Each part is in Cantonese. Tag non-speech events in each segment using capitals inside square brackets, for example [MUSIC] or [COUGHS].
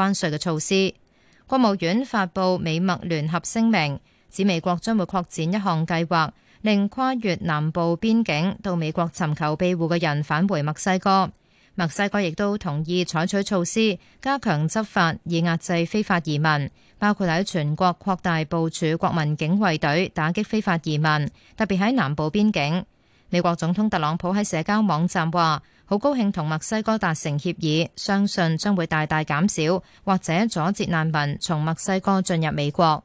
關稅嘅措施，國務院發佈美墨聯合聲明，指美國將會擴展一項計劃，令跨越南部邊境到美國尋求庇護嘅人返回墨西哥。墨西哥亦都同意採取措施，加強執法以壓制非法移民，包括喺全國擴大部署國民警衛隊打擊非法移民，特別喺南部邊境。美國總統特朗普喺社交網站話：好高興同墨西哥達成協議，相信將會大大減少或者阻截難民從墨西哥進入美國。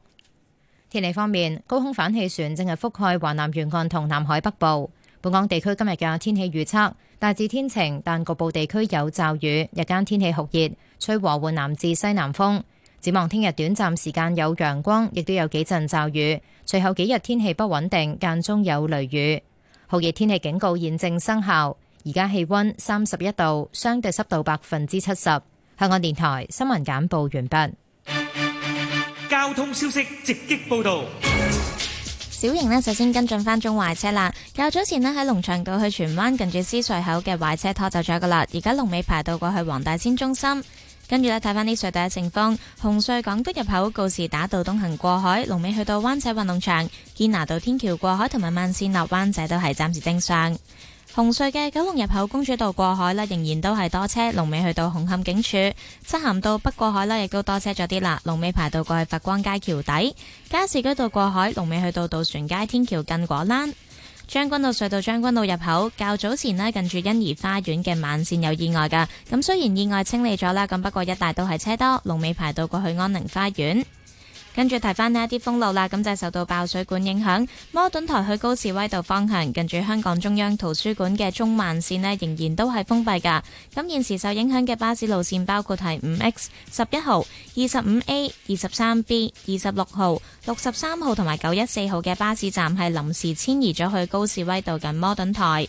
天氣方面，高空反氣旋正係覆蓋華南沿岸同南海北部。本港地區今日嘅天氣預測大致天晴，但局部地區有驟雨。日間天氣酷熱，吹和緩南至西南風。展望聽日短暫時間有陽光，亦都有幾陣驟雨。隨後幾日天氣不穩定，間中有雷雨。酷熱天氣警告現正生效。而家氣温三十一度，相對濕度百分之七十。香港電台新聞簡報完畢。交通消息直擊報道。小瑩呢，首先跟進翻宗壞車啦。較早前呢，喺龍翔道去荃灣近住獅隧口嘅壞車拖走咗噶啦。而家龍尾排到過去黃大仙中心。跟住呢，睇翻呢隧道嘅情況。紅隧港島入口告士打道東行過海，龍尾去到灣仔運動場。堅拿道天橋過海同埋慢線落灣仔都係暫時正常。紅隧嘅九龍入口公主道過海啦，仍然都係多車，龍尾去到紅磡警署；漆咸道北過海啦，亦都多車咗啲啦，龍尾排到過去佛光街橋底；加士居道過海，龍尾去到渡船街天橋近果欄；將軍路隧道將軍路入口較早前呢，近住欣怡花園嘅慢線有意外噶，咁雖然意外清理咗啦，咁不過一帶都係車多，龍尾排到過去安寧花園。跟住睇翻呢一啲封路啦，咁就係受到爆水管影響，摩頓台去高士威道方向近住香港中央圖書館嘅中慢線呢，仍然都係封閉噶。咁現時受影響嘅巴士路線包括係五 X、十一號、二十五 A、二十三 B、二十六號、六十三號同埋九一四號嘅巴士站係臨時遷移咗去高士威道近摩頓台。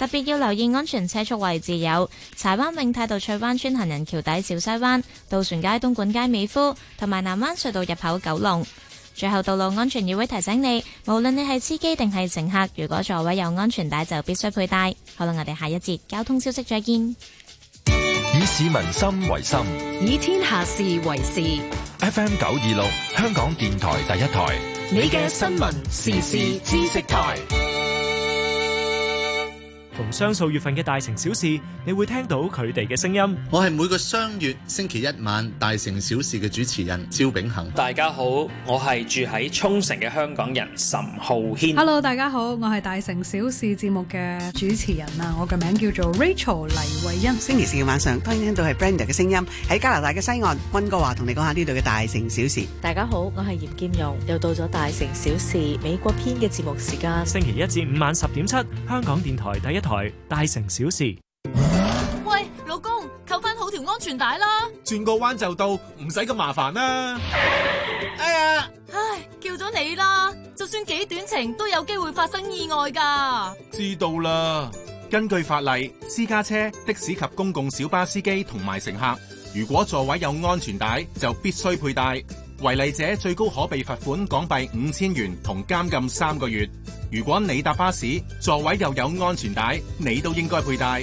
特別要留意安全車速位置有柴灣永泰道翠灣村行人橋底、小西灣、渡船街、東莞街、美孚同埋南灣隧道入口九龍。最後，道路安全議會提醒你，無論你係司機定係乘客，如果座位有安全帶，就必須佩戴。好啦，我哋下一節交通消息再見。以市民心為心，以天下事為事。F M 九二六，香港電台第一台，你嘅新聞時事知識台。同雙數月份嘅大城小事，你會聽到佢哋嘅聲音。我係每個雙月星期一晚大城小事嘅主持人焦炳恒。大家好，我係住喺沖繩嘅香港人岑浩軒。Hello，大家好，我係大城小事節目嘅主持人啊，我嘅名叫做 Rachel 黎慧恩。星期四嘅晚上，當然聽到係 Brenda 嘅聲音喺加拿大嘅西岸溫哥華，同你講下呢度嘅大城小事。大家好，我係葉劍容，又到咗大城小事美國篇嘅節目時間。星期一至五晚十點七，香港電台第一台。台大城小事，喂，老公，扣翻好條安全帶啦！轉個彎就到，唔使咁麻煩啦，啊。哎呀，唉，叫咗你啦，就算幾短程，都有機會發生意外噶。知道啦，根據法例，私家車、的士及公共小巴司機同埋乘客，如果座位有安全帶，就必須佩戴。違例者最高可被罰款港幣五千元同監禁三個月。如果你搭巴士，座位又有安全帶，你都應該佩戴。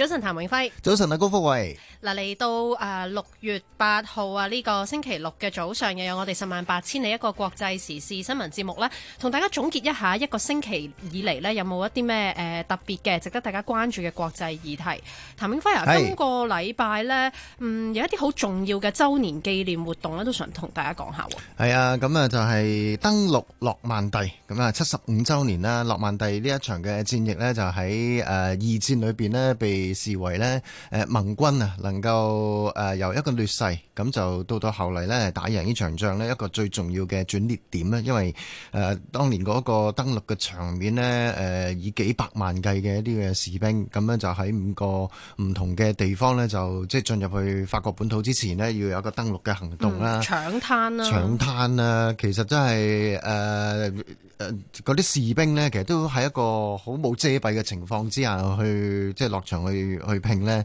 早晨，譚永輝。早晨啊，高福偉。嗱，嚟到誒六月八號啊，呢個星期六嘅早上又有我哋十萬八千里一個國際時事新聞節目啦，同大家總結一下一個星期以嚟呢有冇一啲咩誒特別嘅值得大家關注嘅國際議題。譚永輝呀，今個禮拜呢，嗯，有一啲好重要嘅周年紀念活動呢都想同大家講下喎。係啊，咁啊就係登陸諾曼第，咁啊七十五週年啦。諾曼第呢一場嘅戰役呢，就喺二戰裏面呢，被視為呢誒盟軍啊。能夠誒、呃、由一個劣勢咁就到到後嚟呢，打贏呢場仗呢，一個最重要嘅轉捩點咧，因為誒、呃、當年嗰個登陸嘅場面呢，誒、呃、以幾百萬計嘅一啲嘅士兵，咁樣就喺五個唔同嘅地方呢，就即係進入去法國本土之前呢，要有一個登陸嘅行動啦，搶灘啦，搶灘啦，其實真係誒誒嗰啲士兵呢，其實都喺一個好冇遮蔽嘅情況之下去即係落場去去拼呢。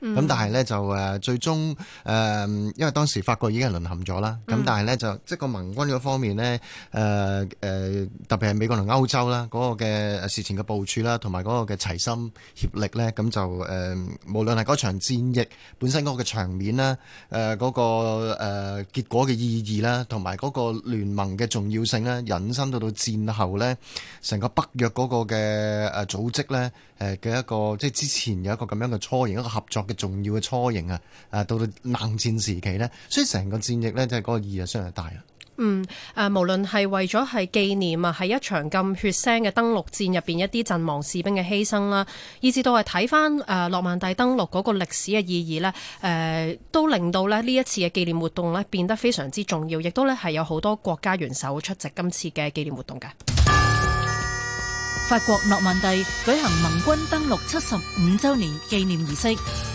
咁、嗯、但係咧就，誒最終，誒，因為當時法國已經係淪陷咗啦。咁但係咧就即係個盟軍嗰方面咧，誒、呃、誒、呃、特別係美國同歐洲啦，嗰、那個嘅事前嘅部署啦，同埋嗰嘅齊心協力咧，咁就誒無論係嗰場戰役本身嗰個場面啦，誒嗰誒結果嘅意義啦，同埋嗰聯盟嘅重要性咧，引申到到戰後咧，成個北約嗰嘅誒組織咧，誒嘅一個即係之前有一個咁樣嘅初型一個合作。嘅重要嘅雛形啊，啊到到冷戰時期呢，所以成個戰役呢，即係嗰個意義相對大啦。嗯，誒、啊，無論係為咗係紀念啊，喺一場咁血腥嘅登陸戰入邊一啲陣亡士兵嘅犧牲啦，以至到係睇翻誒諾曼第登陸嗰個歷史嘅意義呢，誒、啊、都令到咧呢一次嘅紀念活動呢，變得非常之重要，亦都咧係有好多國家元首出席今次嘅紀念活動嘅。法國諾曼第舉行盟軍登陸七十五周年紀念儀式。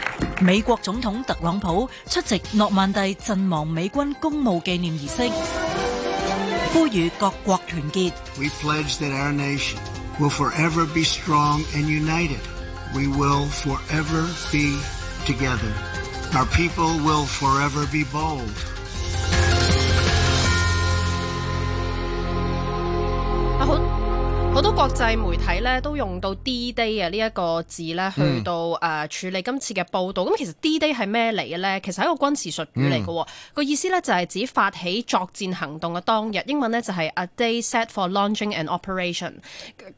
美國總統特朗普出席諾曼第陣亡美軍公墓紀念儀式，呼籲各國團結。好多國際媒體咧都用到 D-Day 呢一個字咧，去到誒、呃、處理今次嘅報導。咁其實 D-Day 係咩嚟咧？其實係一個軍事術語嚟嘅，個、嗯、意思咧就係、是、指發起作戰行動嘅當日。英文咧就係、是、A day set for launching an operation。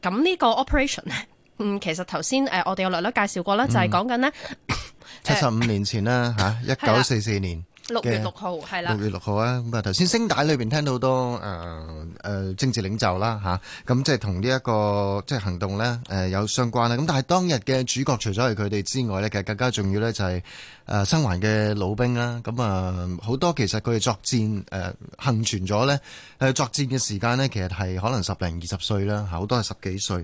咁呢個 operation 咧，嗯，其實頭先誒我哋有略略介紹過啦，就係講緊呢，嗯、 [LAUGHS] 七十五年前啦嚇，一九四四年。六月六號係啦，六月六號啊！咁啊，頭先聲帶裏面聽到好多誒、呃呃、政治領袖啦，咁即係同呢一個即係行動咧、呃、有相關啦。咁但係當日嘅主角除咗係佢哋之外咧，其實更加重要咧就係、是、誒、呃、生還嘅老兵啦。咁啊，好多其實佢哋作戰誒、呃、幸存咗咧，誒作戰嘅時間呢，其實係可能十零二十歲啦，好多係十幾歲。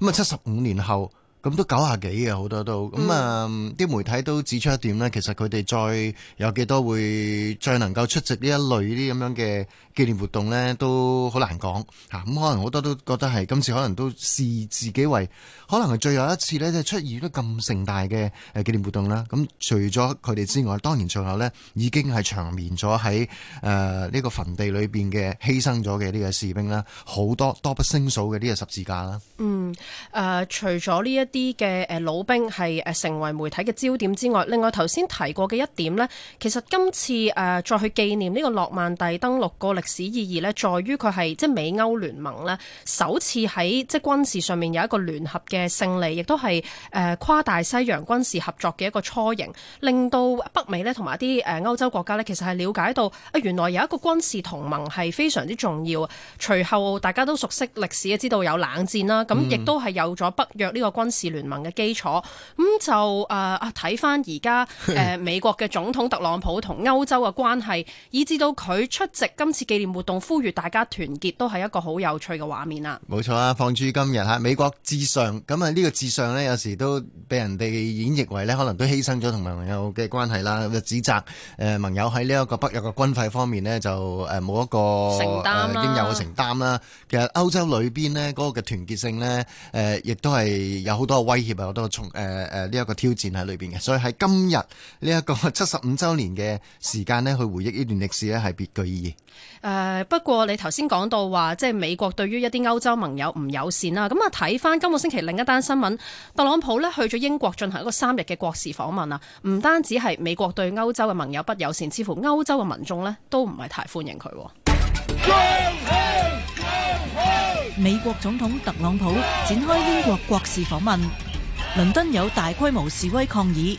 咁啊，七十五年後。咁都九廿幾嘅，好多都。咁啊啲媒體都指出一點咧，其實佢哋再有幾多會再能夠出席呢一類呢啲咁樣嘅。紀念活動呢都好難講吓咁，嗯、可能好多都覺得係今次可能都視自己為可能係最後一次呢，即係出現咗咁盛大嘅誒紀念活動啦。咁，嗯、除咗佢哋之外，當然最後呢已經係長眠咗喺呢個墳地裏面嘅犧牲咗嘅呢個士兵啦，好多多不勝數嘅呢個十字架啦。嗯，呃、除咗呢一啲嘅老兵係成為媒體嘅焦點之外，另外頭先提過嘅一點呢，其實今次，呃、再去紀念呢個諾曼第登陸個歷。歷史意義呢，在於佢係即係美歐聯盟咧，首次喺即係軍事上面有一個聯合嘅勝利，亦都係誒跨大西洋軍事合作嘅一個雛形，令到北美咧同埋一啲誒歐洲國家咧，其實係了解到啊，原來有一個軍事同盟係非常之重要。隨後大家都熟悉歷史，知道有冷戰啦，咁亦都係有咗北約呢個軍事聯盟嘅基礎。咁就誒啊，睇翻而家誒美國嘅總統特朗普同歐洲嘅關係，以至到佢出席今次嘅紀念活動呼籲大家團結，都係一個好有趣嘅畫面啦。冇錯啊，放諸今日吓美國至上咁啊。呢個至上呢，有時都俾人哋演繹為呢可能都犧牲咗同盟友嘅關係啦。就指責誒盟友喺呢一個北約嘅軍費方面呢，就誒冇一個承擔應有嘅承擔啦。其實歐洲裏邊呢，嗰個嘅團結性呢，誒亦都係有好多嘅威脅啊，好多重，誒誒呢一個挑戰喺裏邊嘅。所以喺今日呢一個七十五周年嘅時間呢，去回憶呢段歷史呢，係別具意義。誒、呃，不過你頭先講到話，即係美國對於一啲歐洲盟友唔友善啦。咁啊，睇翻今個星期另一單新聞，特朗普呢去咗英國進行一個三日嘅國事訪問啊。唔單止係美國對歐洲嘅盟友不友善，似乎歐洲嘅民眾呢都唔係太歡迎佢。美國總統特朗普展開英國國事訪問，倫敦有大規模示威抗議。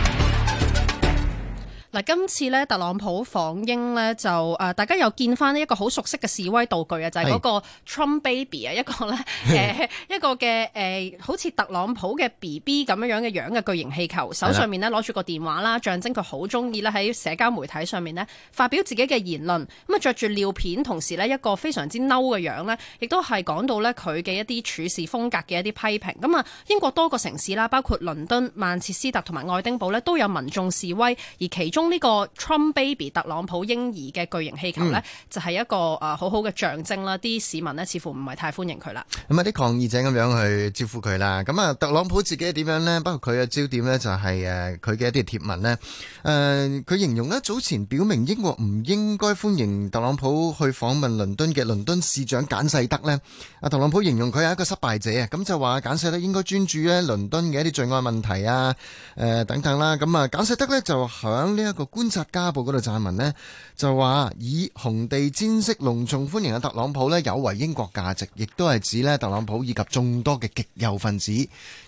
嗱，今次咧特朗普訪英咧就誒、啊、大家又見翻一個好熟悉嘅示威道具啊，就係、是、嗰個 Trump Baby 啊， [LAUGHS] 一個咧誒一個嘅誒好似特朗普嘅 BB 咁樣樣嘅樣嘅巨型氣球，手上面咧攞住個電話啦，象徵佢好中意咧喺社交媒體上面咧發表自己嘅言論，咁啊着住尿片，同時咧一個非常之嬲嘅樣咧，亦都係講到咧佢嘅一啲處事風格嘅一啲批評。咁、嗯、啊，英國多個城市啦，包括倫敦、曼徹斯特同埋愛丁堡咧，都有民眾示威，而其中。呢個 Trump Baby 特朗普嬰兒嘅巨型氣球呢，就係一個誒好好嘅象徵啦！啲、嗯、市民咧似乎唔係太歡迎佢啦。咁啊，啲抗議者咁樣去招呼佢啦。咁啊，特朗普自己係點樣呢？包括佢嘅焦點呢，就係誒佢嘅一啲貼文呢。誒、呃，佢形容呢，早前表明英國唔應該歡迎特朗普去訪問倫敦嘅倫敦市長簡世德呢。啊，特朗普形容佢係一個失敗者啊。咁就話簡世德應該專注咧倫敦嘅一啲罪案問題啊，誒等等啦。咁啊，簡世德呢就響呢、這個一個觀察家報嗰度撰文呢，就話以紅地氈式隆重歡迎嘅特朗普呢，有違英國價值，亦都係指呢，特朗普以及眾多嘅極右分子，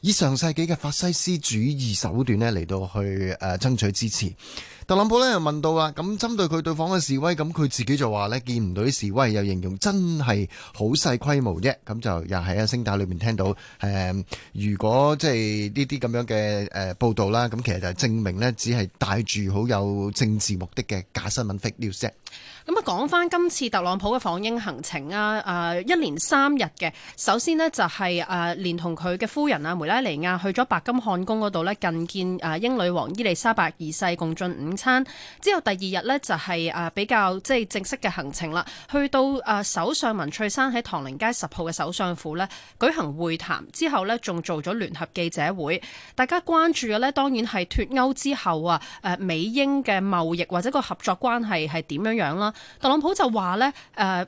以上世紀嘅法西斯主義手段呢嚟到去誒、呃、爭取支持。特朗普呢又問到啊，咁針對佢對訪嘅示威，咁佢自己就話呢見唔到啲示威，又形容真係好細規模啫。咁就又喺一聲帶裏面聽到誒、嗯，如果即係呢啲咁樣嘅誒報道啦，咁其實就係證明呢，只係帶住好有政治目的嘅假新聞 fake news 啫。咁啊，講返今次特朗普嘅訪英行程啊，誒一連三日嘅，首先呢，就係誒連同佢嘅夫人啊梅拉尼亞去咗白金漢宮嗰度呢覲見誒英女王伊麗莎白二世共進午餐。之後第二日呢，就係誒比較即係正式嘅行程啦，去到誒首相文翠山喺唐寧街十號嘅首相府呢舉行會談之後呢，仲做咗聯合記者會，大家關注嘅呢，當然係脱歐之後啊誒美英嘅貿易或者個合作關係係點樣樣啦，特朗普就話呢。誒、呃。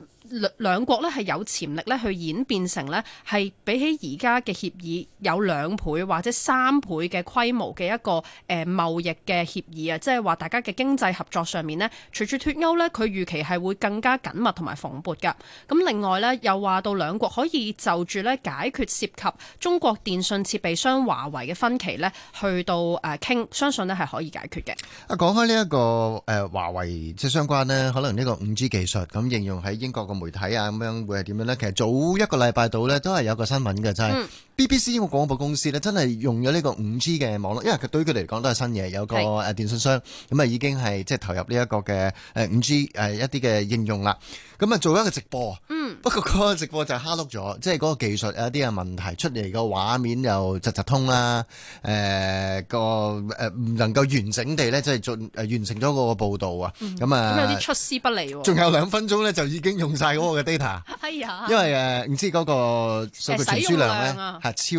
兩國咧係有潛力咧去演變成呢係比起而家嘅協議有兩倍或者三倍嘅規模嘅一個誒貿易嘅協議啊，即係話大家嘅經濟合作上面呢，隨住脫歐呢，佢預期係會更加緊密同埋蓬勃㗎。咁另外呢，又話到兩國可以就住咧解決涉及中國電信設備商華為嘅分歧呢，去到誒傾，相信咧係可以解決嘅、這個。啊、呃，講開呢一個誒華為，即相關呢，可能呢個 5G 技術咁應用喺英國的媒體啊，咁樣會係點樣咧？其實早一個禮拜到咧，都係有個新聞嘅，就係。B B C 個廣播公司咧，真係用咗呢個五 G 嘅網絡，因為佢對於佢嚟講都係新嘢。有個誒電信商咁啊，已經係即係投入呢一個嘅五 G 一啲嘅應用啦。咁啊，做一個直播，嗯，不過嗰個直播就蝦碌咗，即係嗰個技術有一啲嘅問題出嚟，個畫面又窒窒通啦。誒個誒唔能夠完整地咧，即係進完成咗個報導啊。咁、嗯、啊，咁、嗯嗯、有啲出師不利喎、哦。仲有兩分鐘咧，就已經用晒嗰個 data。係 [LAUGHS] 啊、哎，因為誒唔知嗰、嗰個數據傳輸量咧。超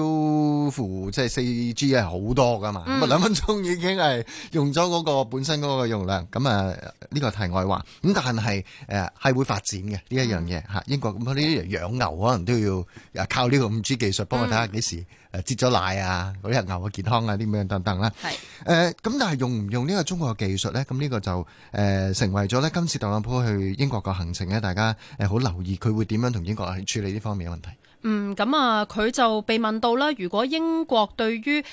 乎即係、就是、4G 係好多噶嘛，咁啊兩分鐘已經係用咗嗰個本身嗰個容量，咁啊呢個題外話，咁但係誒係會發展嘅呢一樣嘢吓，英國咁呢啲養牛可能都要靠呢個 5G 技術，幫我睇下幾時誒接咗奶啊，嗰啲牛嘅健康啊啲樣等等啦。係誒咁但係用唔用呢個中國嘅技術咧？咁呢個就誒、呃、成為咗咧今次特朗普去英國嘅行程咧，大家誒好留意佢會點樣同英國去處理呢方面嘅問題。嗯，咁啊，佢就被問到啦，如果英國對於，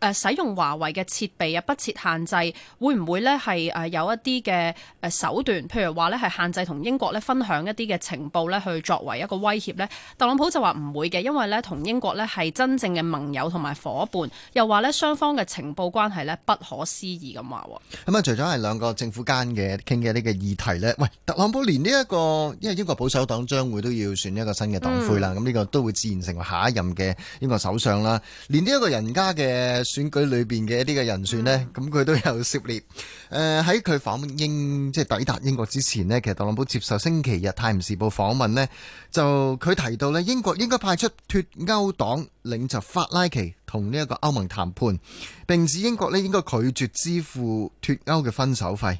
誒使用華為嘅設備啊，不設限制，會唔會咧係誒有一啲嘅誒手段？譬如話咧係限制同英國咧分享一啲嘅情報咧，去作為一個威脅呢？特朗普就話唔會嘅，因為咧同英國咧係真正嘅盟友同埋夥伴，又話呢，雙方嘅情報關係呢，不可思議咁話喎。咁啊，除咗係兩個政府間嘅傾嘅呢個議題呢，喂，特朗普連呢、這、一個因為英國保守黨將會都要選一個新嘅黨魁啦，咁、嗯、呢、這個都會自然成為下一任嘅英國首相啦，連呢一個人家嘅。誒選舉裏邊嘅一啲嘅人選呢，咁佢都有涉獵。誒喺佢訪問英，即係抵達英國之前呢，其實特朗普接受星期日《泰晤士報》訪問呢，就佢提到呢，英國應該派出脱歐黨領袖法拉奇同呢一個歐盟談判，並指英國呢應該拒絕支付脱歐嘅分手費。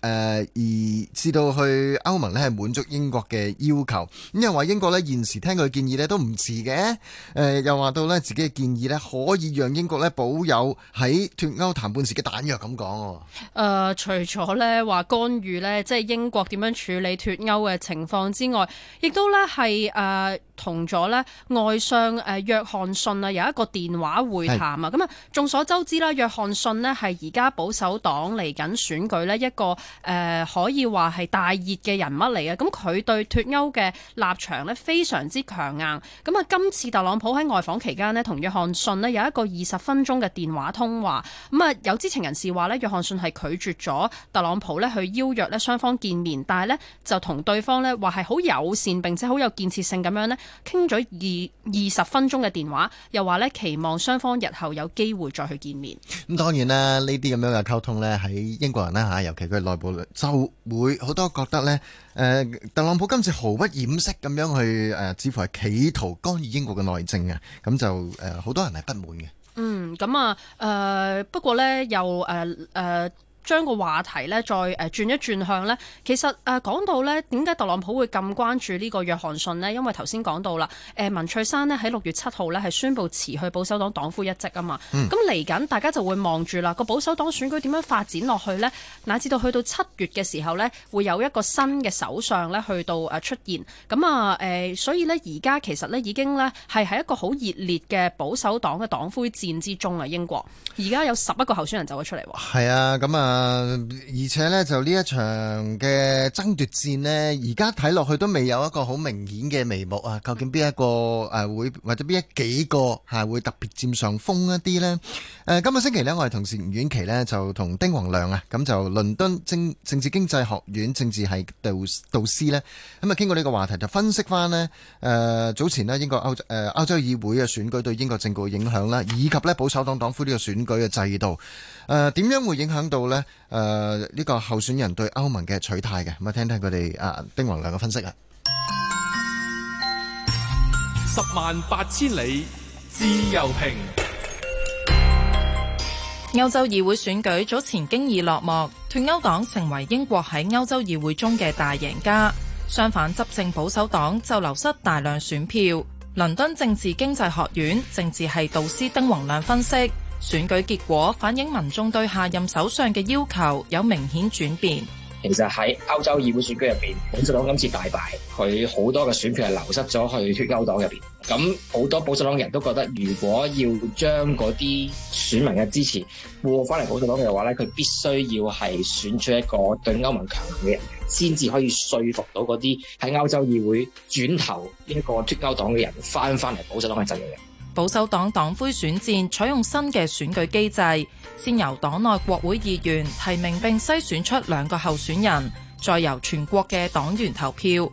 而知道去歐盟呢，係滿足英國嘅要求，咁又話英國呢現時聽佢建議呢都唔遲嘅。又話到呢自己嘅建議呢，可以讓英國呢保有喺脫歐談判時嘅彈藥。咁講、呃、除咗呢話干預呢，即係英國點樣處理脫歐嘅情況之外，亦都呢係、呃、同咗呢外相約翰遜啊有一個電話會談啊。咁啊，眾所周知啦，約翰遜呢係而家保守黨嚟緊選舉呢一個。誒、呃，可以話係大熱嘅人物嚟嘅，咁佢對脫歐嘅立場咧非常之強硬。咁啊，今次特朗普喺外訪期間咧，同約翰遜咧有一個二十分鐘嘅電話通話。咁啊，有知情人士話咧，約翰遜係拒絕咗特朗普咧去邀約咧雙方見面，但係咧就同對方咧話係好友善並且好有建設性咁樣咧傾咗二二十分鐘嘅電話，又話咧期望雙方日後有機會再去見面。咁當然啦，呢啲咁樣嘅溝通咧，喺英國人啦吓，尤其佢。內部就會好多覺得呢，誒，特朗普今次毫不掩飾咁樣去誒，似乎係企圖干預英國嘅內政呀，咁就誒，好多人係不滿嘅。嗯，咁啊，誒、呃、不過呢，又誒誒。呃呃將個話題呢再誒轉一轉向呢。其實誒講到呢點解特朗普會咁關注呢個約翰遜呢？因為頭先講到啦，誒文翠珊呢喺六月七號呢係宣布辭去保守黨黨魁一職啊嘛。咁嚟緊大家就會望住啦，個保守黨選舉點樣發展落去呢？乃至到去到七月嘅時候呢，會有一個新嘅首相呢去到誒出現。咁啊誒，所以呢而家其實呢已經呢係喺一個好熱烈嘅保守黨嘅黨魁戰之中啊！英國而家有十一個候選人走咗出嚟喎。係啊，咁、嗯、啊～誒、呃，而且呢就呢一場嘅爭奪戰呢而家睇落去都未有一個好明顯嘅眉目啊！究竟邊一個誒、啊、會或者邊一幾個吓、啊、會特別佔上風一啲呢誒、呃，今個星期呢我哋同事吳婉琪，呢就同丁宏亮啊，咁就倫敦政政治經濟學院政治系導導師呢咁啊，經過呢個話題就分析翻呢誒，早前呢英國歐誒歐洲議會嘅選舉對英國政局嘅影響啦，以及呢保守黨黨魁呢個選舉嘅制度，誒、啊，點樣會影響到呢誒、呃、呢、這個候選人對歐盟嘅取態嘅，咁、嗯、聽聽佢哋啊，丁宏亮嘅分析啊！十萬八千里自由平。歐洲議會選舉早前經已落幕，脫歐黨成為英國喺歐洲議會中嘅大贏家。相反，執政保守黨就流失大量選票。倫敦政治經濟學院政治系導師丁宏亮分析。選舉結果反映民眾對下任首相嘅要求有明顯轉變。其實喺歐洲議會選舉入邊，保守黨今次大敗，佢好多嘅選票係流失咗去脫歐黨入邊。咁好多保守黨嘅人都覺得，如果要將嗰啲選民嘅支持換翻嚟保守黨嘅話咧，佢必須要係選出一個對歐盟強硬嘅人，先至可以說服到嗰啲喺歐洲議會轉頭呢一個脫歐黨嘅人翻翻嚟保守黨嘅陣營。保守黨黨魁選戰採用新嘅選舉機制，先由黨內國會議員提名並篩選出兩個候選人，再由全國嘅黨員投票。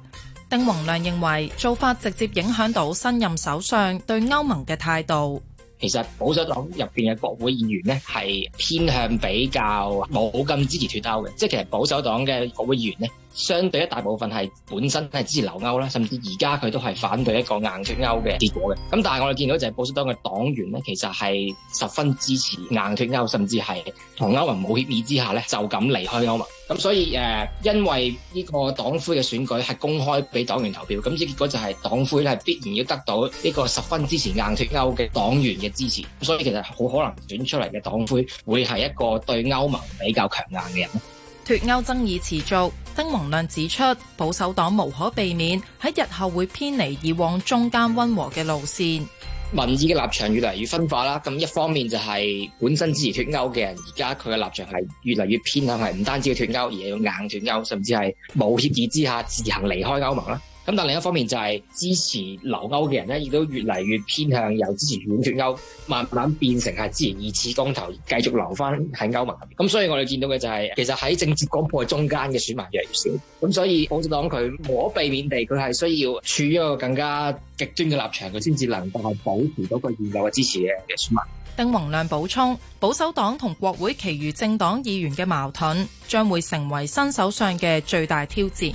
丁宏亮認為做法直接影響到新任首相對歐盟嘅態度。其實保守黨入邊嘅國會議員咧，係偏向比較冇咁支持脱歐嘅，即係其實保守黨嘅國會議員咧。相對一大部分係本身係支持留歐啦，甚至而家佢都係反對一個硬脱歐嘅結果嘅。咁但係我哋見到就係保守黨嘅黨員咧，其實係十分支持硬脱歐，甚至係同歐盟冇協議之下咧就咁離開歐盟。咁所以誒、呃，因為呢個黨魁嘅選舉係公開俾黨員投票，咁即係結果就係黨魁咧係必然要得到呢個十分支持硬脱歐嘅黨員嘅支持，所以其實好可能選出嚟嘅黨魁會係一個對歐盟比較強硬嘅人。脱歐爭議持續。登蒙亮指出，保守黨無可避免喺日後會偏離以往中間溫和嘅路線。民意嘅立場越嚟越分化啦，咁一方面就係本身支持脱歐嘅人，而家佢嘅立場係越嚟越偏向，係唔單止要脱歐，而係要硬脱歐，甚至係冇協議之下自行離開歐盟啦。咁但另一方面就係支持留歐嘅人咧，亦都越嚟越偏向由支持完全脫歐，慢慢變成係支持二次公投，繼續留翻喺歐盟入面。咁所以我哋見到嘅就係、是，其實喺政治光譜中間嘅選民越嚟越少。咁所以保守黨佢無可避免地，佢係需要處於一個更加極端嘅立場，佢先至能夠保持到個現有嘅支持嘅選民。鄧宏亮補充，保守黨同國會其餘政黨議員嘅矛盾，將會成為新首相嘅最大挑戰。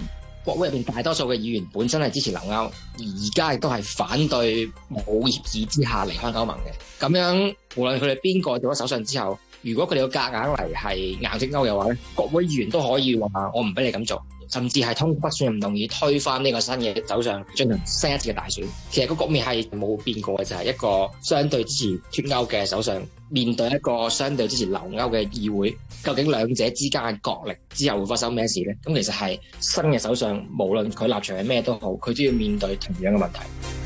國會入邊大多數嘅議員本身係支持留歐，而而家亦都係反對冇協議之下離開歐盟嘅。咁樣無論佢哋邊個做咗首相之後，如果佢哋要夾硬嚟係硬徵歐嘅話咧，國會議員都可以話：我唔俾你咁做。甚至係通過不信任動議推翻呢個新嘅首相，進行新一次嘅大選。其實個局面係冇變過嘅，就係一個相對支持脱歐嘅首相面對一個相對支持留歐嘅議會，究竟兩者之間嘅角力之後會發生咩事呢？咁其實係新嘅首相，無論佢立場係咩都好，佢都要面對同樣嘅問題。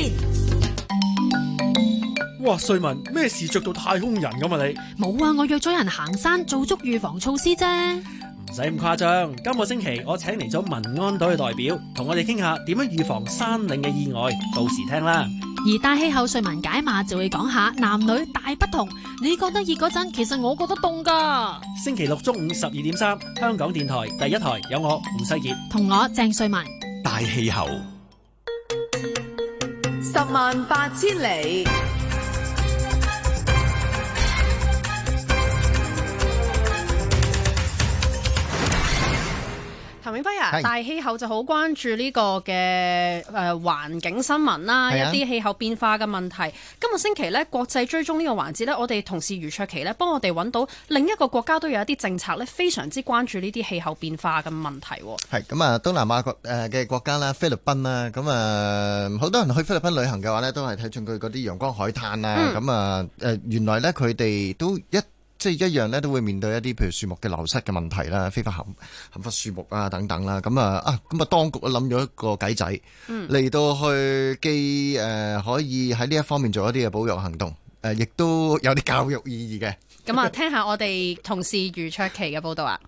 哇！瑞文，咩事着到太空人咁啊？你冇啊！我約咗人行山，做足預防措施啫。唔使咁誇張。今個星期我請嚟咗民安隊嘅代表，同我哋傾下點樣預防山嶺嘅意外。到時聽啦。而大氣候，瑞文解碼就會講下男女大不同。你覺得熱嗰陣，其實我覺得凍㗎。星期六中午十二點三，香港電台第一台有我吳世杰同我鄭瑞文大氣候。十萬八千里。譚永輝啊，大氣候就好關注呢，這個嘅，誒環境新聞啦，有一啲氣候變化嘅問題。啊，今個星期呢，國際追蹤呢個環節呢，我哋同事余卓琪呢，幫我哋揾到另一個國家都有一啲政策呢，非常之關注呢啲氣候變化嘅問題啊。係咁啊，東南亞國誒嘅國家啦，菲律賓啦，咁啊，好多人去菲律賓旅行嘅話呢，都係睇中佢嗰啲陽光海灘，嗯，啊。咁啊，誒，原來呢，佢哋都一。即係一樣咧，都會面對一啲譬如樹木嘅流失嘅問題啦，非法砍砍伐樹木啊等等啦。咁啊啊，咁啊，啊，啊，啊，啊當局諗咗一個計仔嚟到去，既誒、呃、可以喺呢一方面做一啲嘅保育行動，誒、啊、亦都有啲教育意義嘅、嗯。咁、嗯、啊，嗯、 [LAUGHS] 我聽下我哋同事余卓琪嘅報道啊。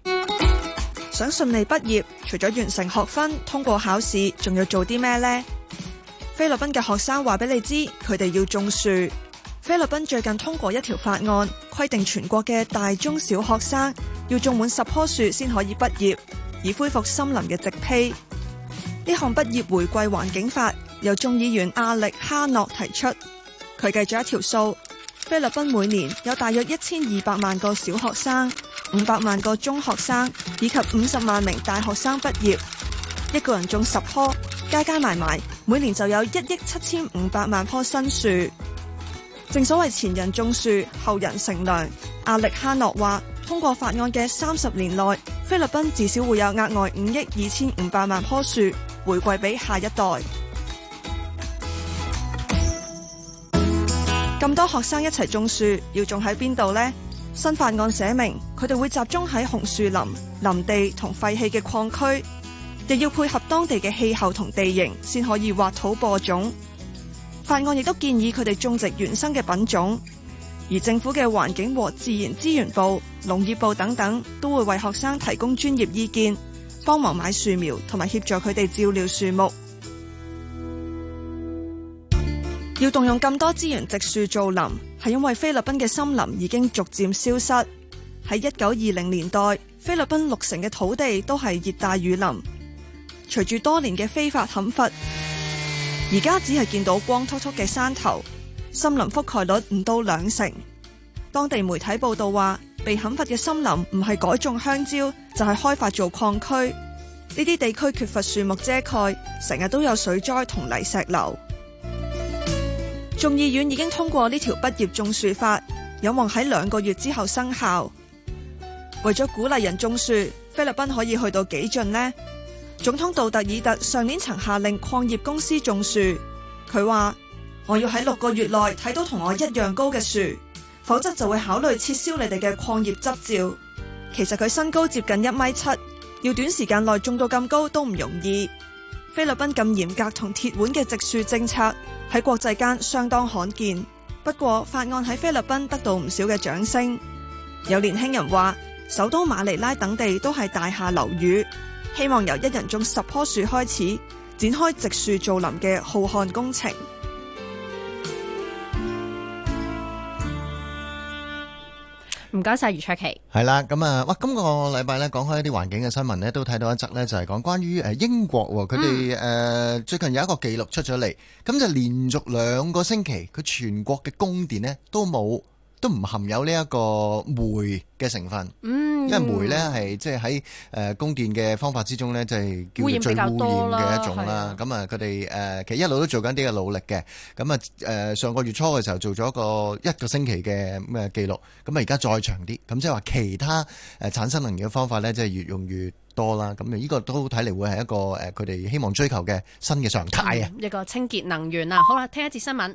想順利畢業，除咗完成學分、通過考試，仲要做啲咩呢？菲律賓嘅學生話俾你知，佢哋要種樹。菲律賓最近通過一條法案，規定全國嘅大中小學生要種滿十棵樹先可以畢業，以恢復森林嘅植被。呢項畢業回饋環境法由眾議員阿力哈諾提出。佢計咗一條數，菲律賓每年有大約一千二百萬個小學生、五百萬個中學生以及五十萬名大學生畢業。一個人種十棵，加加埋埋，每年就有一億七千五百萬棵新樹。正所謂前人種樹，後人乘涼。阿力哈諾話，通過法案嘅三十年內，菲律賓至少會有額外五億二千五百萬棵樹回饋俾下一代。咁 [MUSIC] 多學生一齊種樹，要種喺邊度呢？新法案寫明，佢哋會集中喺紅樹林、林地同廢棄嘅礦區，亦要配合當地嘅氣候同地形，先可以挖土播種。法案亦都建議佢哋種植原生嘅品種，而政府嘅環境和自然資源部、農業部等等都會為學生提供專業意見，幫忙買樹苗同埋協助佢哋照料樹木。要動用咁多資源植樹造林，係因為菲律賓嘅森林已經逐漸消失。喺一九二零年代，菲律賓六成嘅土地都係熱帶雨林，隨住多年嘅非法砍伐，而家只係見到光禿禿嘅山頭，森林覆蓋率唔到兩成。當地媒體報道話，被砍伐嘅森林唔係改種香蕉，就係開發做礦區。呢啲地區缺乏樹木遮蓋，成日都有水災同泥石流。眾議院已經通過呢條畢業種樹法，有望喺兩個月之後生效。為咗鼓勵人種樹，菲律賓可以去到幾盡呢？總統杜特爾特上年曾下令礦業公司種樹，佢話：我要喺六個月內睇到同我一樣高嘅樹，否則就會考慮撤銷你哋嘅礦業執照。其實佢身高接近一米七，要短時間內種到咁高都唔容易。菲律賓咁嚴格同鐵腕嘅植樹政策喺國際間相當罕見。不過法案喺菲律賓得到唔少嘅掌聲，有年輕人話：首都馬尼拉等地都係大廈樓宇。希望由一人種十棵樹開始，展開植樹造林嘅浩瀚工程。唔該晒，余卓琪係啦。咁啊，哇！ [MUSIC] 今個禮拜咧，講開一啲環境嘅新聞咧，都睇到一則咧，就係講關於誒英國佢哋誒最近有一個紀錄出咗嚟，咁、嗯、就連續兩個星期佢全國嘅供電呢都冇。都唔含有呢一個煤嘅成分。嗯，因為煤呢係即係喺誒供電嘅方法之中呢就係叫做最污染嘅一種啦。咁啊，佢哋誒其實一路都做緊啲嘅努力嘅。咁啊，誒上個月初嘅時候做咗一個一個星期嘅嘅記錄，咁啊而家再長啲。咁即係話其他誒產生能源嘅方法呢，即係越用越多啦。咁啊依個都睇嚟會係一個誒佢哋希望追求嘅新嘅狀態常態啊、嗯。一個清潔能源啊，好啦，聽一節新聞。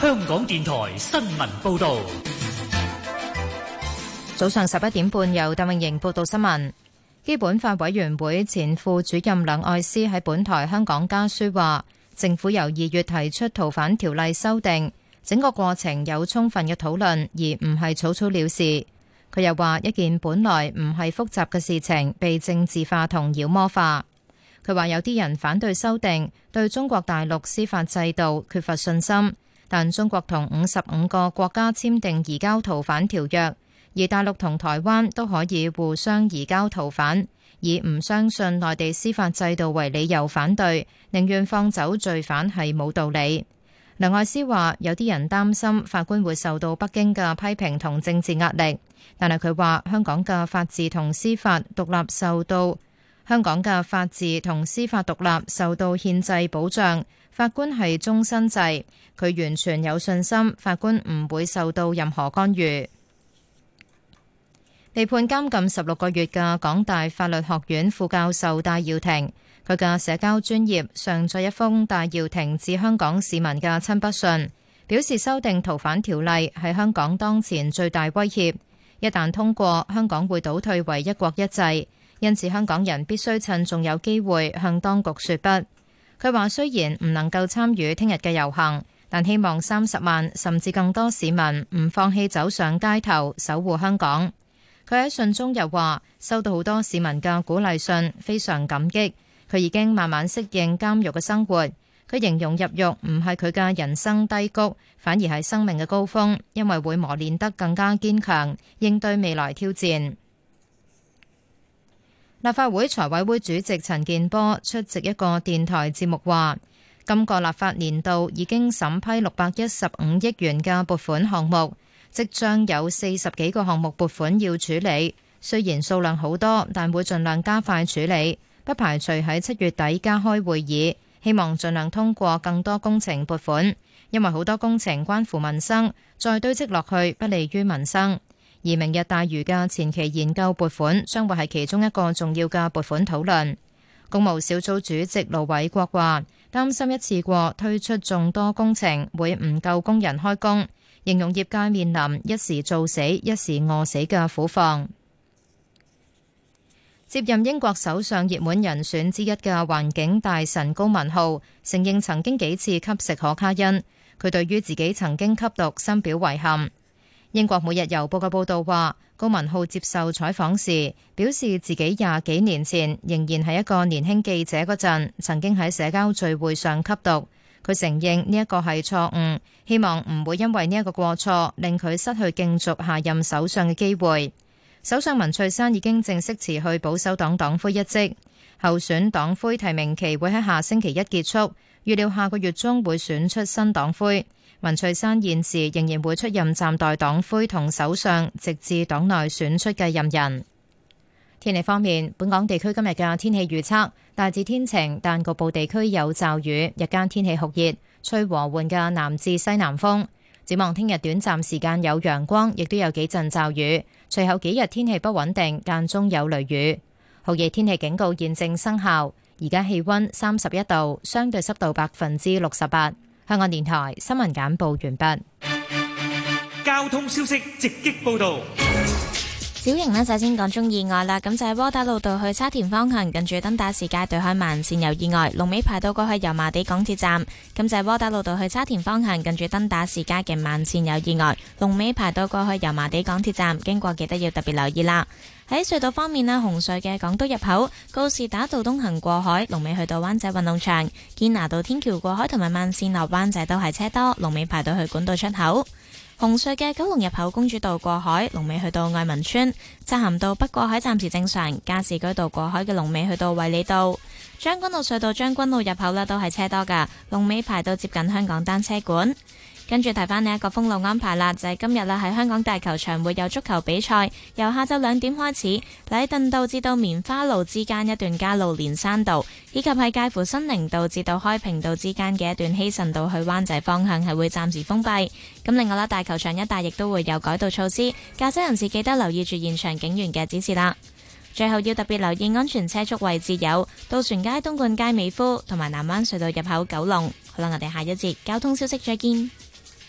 香港電台新聞報道，早上十一點半，由鄧穎瑩報道新聞。基本法委員會前副主任梁愛詩喺本台香港家書話：政府由二月提出逃犯條例修訂，整個過程有充分嘅討論，而唔係草草了事。佢又話一件本來唔係複雜嘅事情被政治化同妖魔化。佢話有啲人反對修訂，對中國大陸司法制度缺乏信心。但中國同五十五個國家簽訂移交逃犯條約，而大陸同台灣都可以互相移交逃犯，以唔相信內地司法制度為理由反對，寧願放走罪犯係冇道理。梁愛詩話：有啲人擔心法官會受到北京嘅批評同政治壓力，但係佢話香港嘅法治同司法獨立受到香港嘅法治同司法獨立受到憲制保障。法官係終身制，佢完全有信心，法官唔會受到任何干預。被判監禁十六個月嘅港大法律學院副教授戴耀廷，佢嘅社交專業上載一封戴耀廷致香港市民嘅親筆信，表示修訂逃犯條例係香港當前最大威脅，一旦通過，香港會倒退為一國一制，因此香港人必須趁仲有機會向當局說不。佢話：雖然唔能夠參與聽日嘅遊行，但希望三十萬甚至更多市民唔放棄走上街頭，守護香港。佢喺信中又話：收到好多市民嘅鼓勵信，非常感激。佢已經慢慢適應監獄嘅生活。佢形容入獄唔係佢嘅人生低谷，反而係生命嘅高峰，因為會磨練得更加堅強，應對未來挑戰。立法會財委會主席陳健波出席一個電台節目話，今個立法年度已經審批六百一十五億元嘅撥款項目，即將有四十幾個項目撥款要處理。雖然數量好多，但會盡量加快處理，不排除喺七月底加開會議，希望盡量通過更多工程撥款，因為好多工程關乎民生，再堆積落去不利於民生。而明日大嶼嘅前期研究撥款將會係其中一個重要嘅撥款討論。公務小組主席盧偉國話擔心一次過推出眾多工程會唔夠工人開工，形容業界面臨一時做死、一時餓死嘅苦況。接任英國首相熱門人選之一嘅環境大臣高文浩承認曾經幾次吸食可卡因，佢對於自己曾經吸毒深表遺憾。英國每日郵報嘅報道話，高文浩接受採訪時表示，自己廿幾年前仍然係一個年輕記者嗰陣，曾經喺社交聚會上吸毒。佢承認呢一個係錯誤，希望唔會因為呢一個過錯令佢失去競逐下任首相嘅機會。首相文翠珊已經正式辭去保守黨黨魁一職，候選黨魁提名期會喺下星期一結束，預料下個月中會選出新黨魁。文翠山現時仍然會出任暫代黨魁同首相，直至黨內選出繼任人。天氣方面，本港地區今日嘅天氣預測大致天晴，但局部地區有驟雨。日間天氣酷熱，吹和緩嘅南至西南風。展望聽日短暫時間有陽光，亦都有幾陣驟雨。隨後幾日天氣不穩定，間中有雷雨。酷熱天氣警告現正生效。而家氣溫三十一度，相對濕度百分之六十八。香港電台新聞簡報完畢。交通消息直擊報道。小瑩呢，首先講中意外啦。咁就係窩打路道去沙田方向，近住登打士街對開慢線有意外，龍尾排到過去油麻地港鐵站。咁就係窩打路道去沙田方向，近住登打士街嘅慢線有意外，龍尾排到過去油麻地港鐵站。經過記得要特別留意啦。喺隧道方面啊，紅隧嘅港島入口告士打道東行過海，龍尾去到灣仔運動場；堅拿道天橋過海同埋慢線落灣仔都係車多，龍尾排到去管道出口。紅隧嘅九龍入口公主道過海，龍尾去到愛民村；漆咸道北過海暫時正常，加士居道過海嘅龍尾去到衛理道。將軍澳隧道將軍澳入口呢都係車多噶，龍尾排到接近香港單車館。跟住提翻呢一個封路安排啦，就係今日啦，喺香港大球場會有足球比賽，由下晝兩點開始，禮頓道至到棉花路之間一段加路連山道，以及喺介乎新寧道至到開平道之間嘅一段希慎道去灣仔方向係會暫時封閉。咁另外啦，大球場一帶亦都會有改道措施，駕駛人士記得留意住現場警員嘅指示啦。最後要特別留意安全車速位置有渡船街、東冠街、美孚同埋南灣隧道入口九龍。好啦，我哋下一節交通消息再見。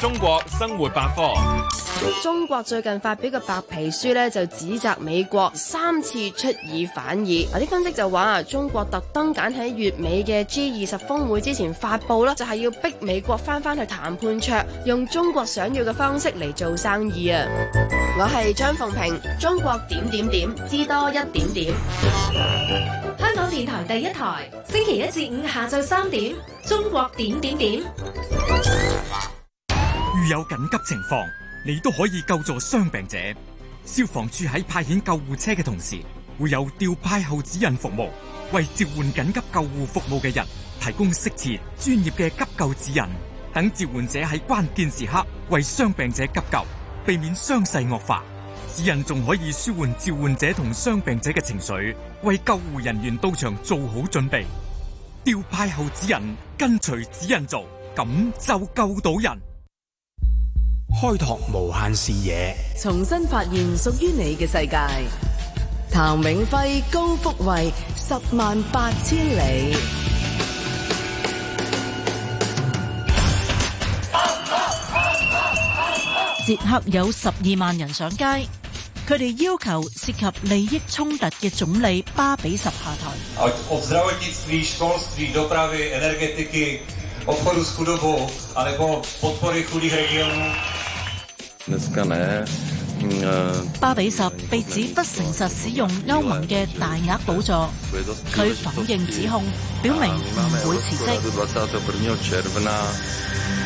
中國生活百科。中國最近發表嘅白皮書呢，就指責美國三次出爾反爾。嗱，啲分析就話中國特登揀喺月尾嘅 G 二十峰會之前發布啦，就係、是、要逼美國翻翻去談判桌，用中國想要嘅方式嚟做生意啊！我係張鳳平，中國點點點知多一點點。香港電台第一台，星期一至五下晝三點，中國點點點。遇有緊急情況，你都可以救助傷病者。消防處喺派遣救護車嘅同時，會有調派後指引服務，為召喚緊急救護服務嘅人提供適切專業嘅急救指引，等召喚者喺關鍵時刻為傷病者急救，避免傷勢惡化。指引仲可以舒緩召喚者同傷病者嘅情緒，為救護人員到場做好準備。調派後指引，跟隨指引做，咁就救到人。開拓無限視野，重新發現屬於你嘅世界。譚永輝、高福慧，十萬八千里。 [NOISE] 捷克有十二萬人上街，佢哋要求涉及利益衝突嘅總理巴比什下台。 [NOISE] 巴比什被指不誠實使用歐盟嘅大額補助，佢否認指控，表明唔會辭職。啊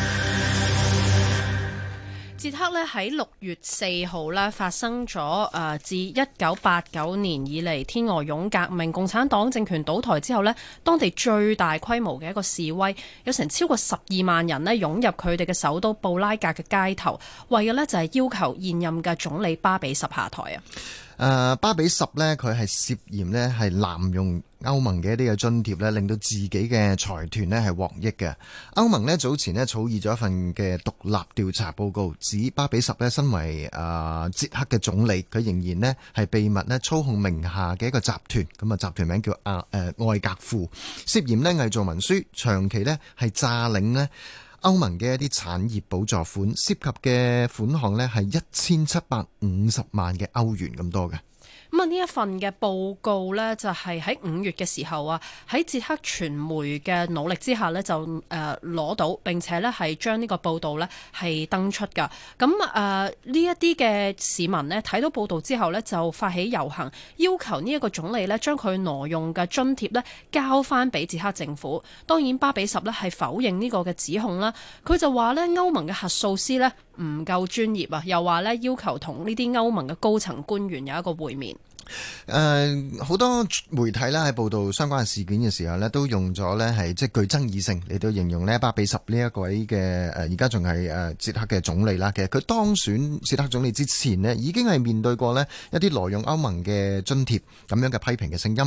捷克咧喺六月四號咧發生咗，誒、呃、自一九八九年以嚟天鵝絨革命、共產黨政權倒台之後咧，當地最大規模嘅一個示威，有成超過十二萬人咧湧入佢哋嘅首都布拉格嘅街頭，為嘅咧就係要求現任嘅總理巴比什下台啊、呃，巴比什咧佢係涉嫌咧係濫用歐盟嘅一啲嘅津貼咧，令到自己嘅財團呢係獲益嘅。歐盟呢，早前呢，草擬咗一份嘅獨立調查報告，指巴比什呢，身為誒、呃、捷克嘅總理，佢仍然呢係秘密咧操控名下嘅一個集團，咁啊集團名叫阿誒、呃、外格富，涉嫌呢偽造文書，長期呢係詐領呢歐盟嘅一啲產業補助款，涉及嘅款項呢係一千七百五十萬嘅歐元咁多嘅。咁，呢一份嘅報告呢，就係喺五月嘅時候啊，喺捷克傳媒嘅努力之下呢，就誒攞、呃、到，並且呢，係將呢個報道呢，係登出噶。咁誒呢一啲嘅市民呢，睇到報道之後呢，就發起遊行，要求呢一個總理呢，將佢挪用嘅津貼呢，交翻俾捷克政府。當然巴比什呢，係否認呢個嘅指控啦，佢就話呢，歐盟嘅核數師呢，唔夠專業啊，又話呢，要求同呢啲歐盟嘅高層官員有一個會面。誒、呃，好多媒體呢，喺報道相關嘅事件嘅時候呢，都用咗呢係即係具爭議性嚟到形容呢，巴比什呢一位嘅誒，而家仲係誒捷克嘅總理啦。其實佢當選捷克總理之前呢，已經係面對過呢一啲挪用歐盟嘅津貼咁樣嘅批評嘅聲音。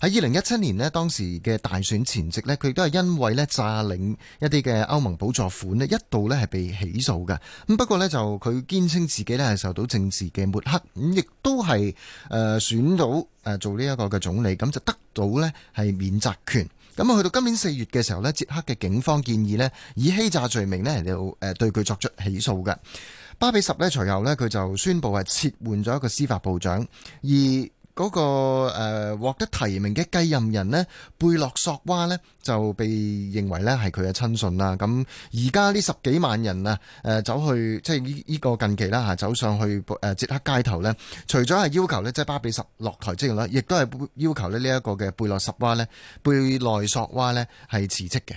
喺二零一七年呢，當時嘅大選前夕呢，佢都係因為呢詐領一啲嘅歐盟補助款呢，一度呢係被起訴㗎。咁不過呢，就佢堅稱自己呢係受到政治嘅抹黑，咁亦都係誒。呃選到誒做呢一個嘅總理，咁就得到呢係免責權。咁啊，去到今年四月嘅時候呢，捷克嘅警方建議呢，以欺詐罪名呢，就誒對佢作出起訴嘅。巴比什呢，隨後呢，佢就宣布係撤換咗一個司法部長，而。嗰、那個誒獲得提名嘅繼任人呢，貝洛索娃呢就被認為呢係佢嘅親信啦。咁而家呢十幾萬人啊，誒走去即係呢依個近期啦吓，走上去誒捷克街頭呢，除咗係要求呢，即係巴比什落台之外呢，亦都係要求呢呢一個嘅貝洛索娃呢，貝內索娃呢係辭職嘅。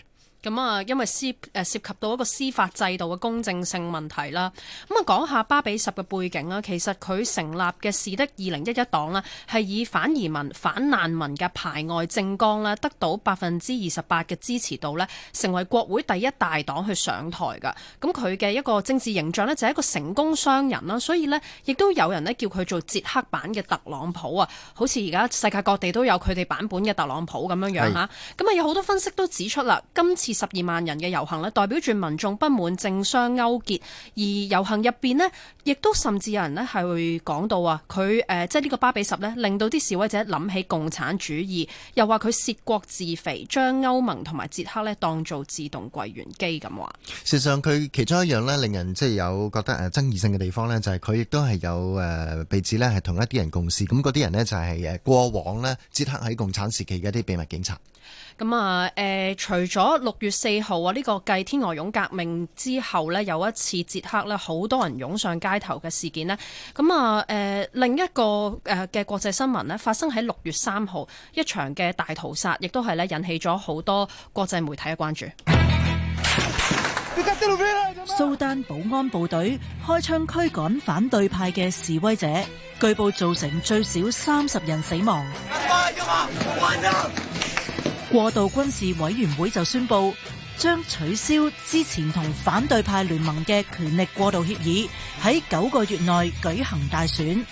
咁啊，因為涉誒涉及到一個司法制度嘅公正性問題啦。咁啊，講下巴比什嘅背景啦。其實佢成立嘅士的二零一一黨啦，係以反移民、反難民嘅排外政綱啦，得到百分之二十八嘅支持度咧，成為國會第一大黨去上台㗎。咁佢嘅一個政治形象咧，就係一個成功商人啦。所以咧，亦都有人咧叫佢做捷克版嘅特朗普啊。好似而家世界各地都有佢哋版本嘅特朗普咁樣樣吓，咁啊，有好多分析都指出啦，今次，十二萬人嘅遊行咧，代表住民眾不滿政商勾結，而遊行入邊呢，亦都甚至有人咧係會講到啊，佢誒、呃，即係呢個巴比什呢，令到啲示威者諗起共產主義，又話佢竊國自肥，將歐盟同埋捷克呢當做自動櫃員機咁話。事實上，佢其中一樣呢，令人即係有覺得誒爭議性嘅地方呢，就係、是、佢亦都係有誒被指呢係同一啲人共事，咁嗰啲人呢，就係誒過往呢捷克喺共產時期嘅一啲秘密警察。咁啊、呃，除咗六月四號啊，呢、呢個繼天鵝絨革命之後呢有一次捷克咧，好多人湧上街頭嘅事件咧，咁啊、呃，另一個誒嘅、呃、國際新聞咧，發生喺六月三號，一場嘅大屠殺，亦都係咧引起咗好多國際媒體嘅關注。蘇丹保安部隊開槍驅趕反對派嘅示威者，據報造成最少三十人死亡。過渡軍事委員會就宣布，將取消之前同反對派聯盟嘅權力過渡協議，喺九個月內舉行大選。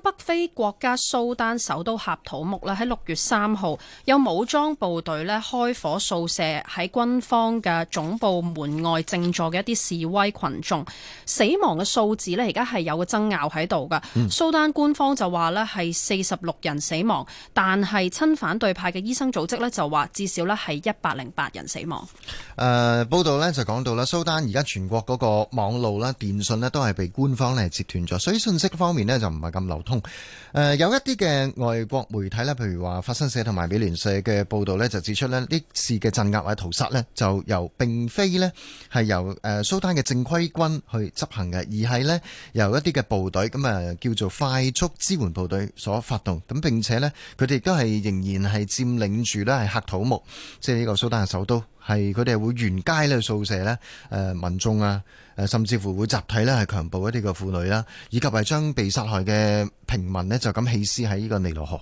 北非國家蘇丹首都喀土木咧，喺六月三號有武裝部隊咧開火掃射喺軍方嘅總部門外靜坐嘅一啲示威群眾，死亡嘅數字咧而家係有個爭拗喺度噶。嗯、蘇丹官方就話咧係四十六人死亡，但係親反對派嘅醫生組織咧就話至少咧係一百零八人死亡。誒、呃，報道咧就講到啦，蘇丹而家全國嗰個網路咧、電信咧都係被官方咧截斷咗，所以信息方面咧就唔係咁流。通，誒有一啲嘅外國媒體咧，譬如話法新社同埋美聯社嘅報道咧，就指出咧呢次嘅鎮壓或者屠殺咧，就由並非咧係由誒蘇丹嘅正規軍去執行嘅，而係咧由一啲嘅部隊咁啊叫做快速支援部隊所發動，咁並且咧佢哋亦都係仍然係佔領住咧係喀土穆，即係呢個蘇丹嘅首都，係佢哋係會沿街咧去掃射咧誒民眾啊。誒，甚至乎會集體咧，係強暴一啲嘅婦女啦，以及係將被殺害嘅平民咧，就咁棄屍喺呢個尼羅河。